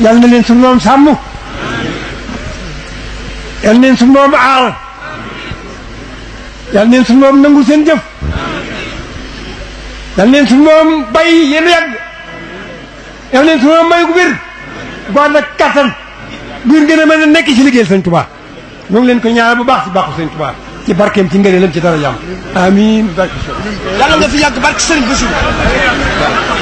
yal na leen suñu moom sàmm yal na leen suñu moom aar yal na leen suñu moom seen jëf yal na leen suñu moom bay yéen yàgg yal na leen suñu moom may gu wér a mën nekk ci liggéey sëñ Tuubaa ñoo leen ko ñaanal bu baax ci baaxu sëñ Tuubaa ci barkeem ci ngëneelam ci dara jàmm amiin yàlla nga fi yàgg barke sëriñ Bassirou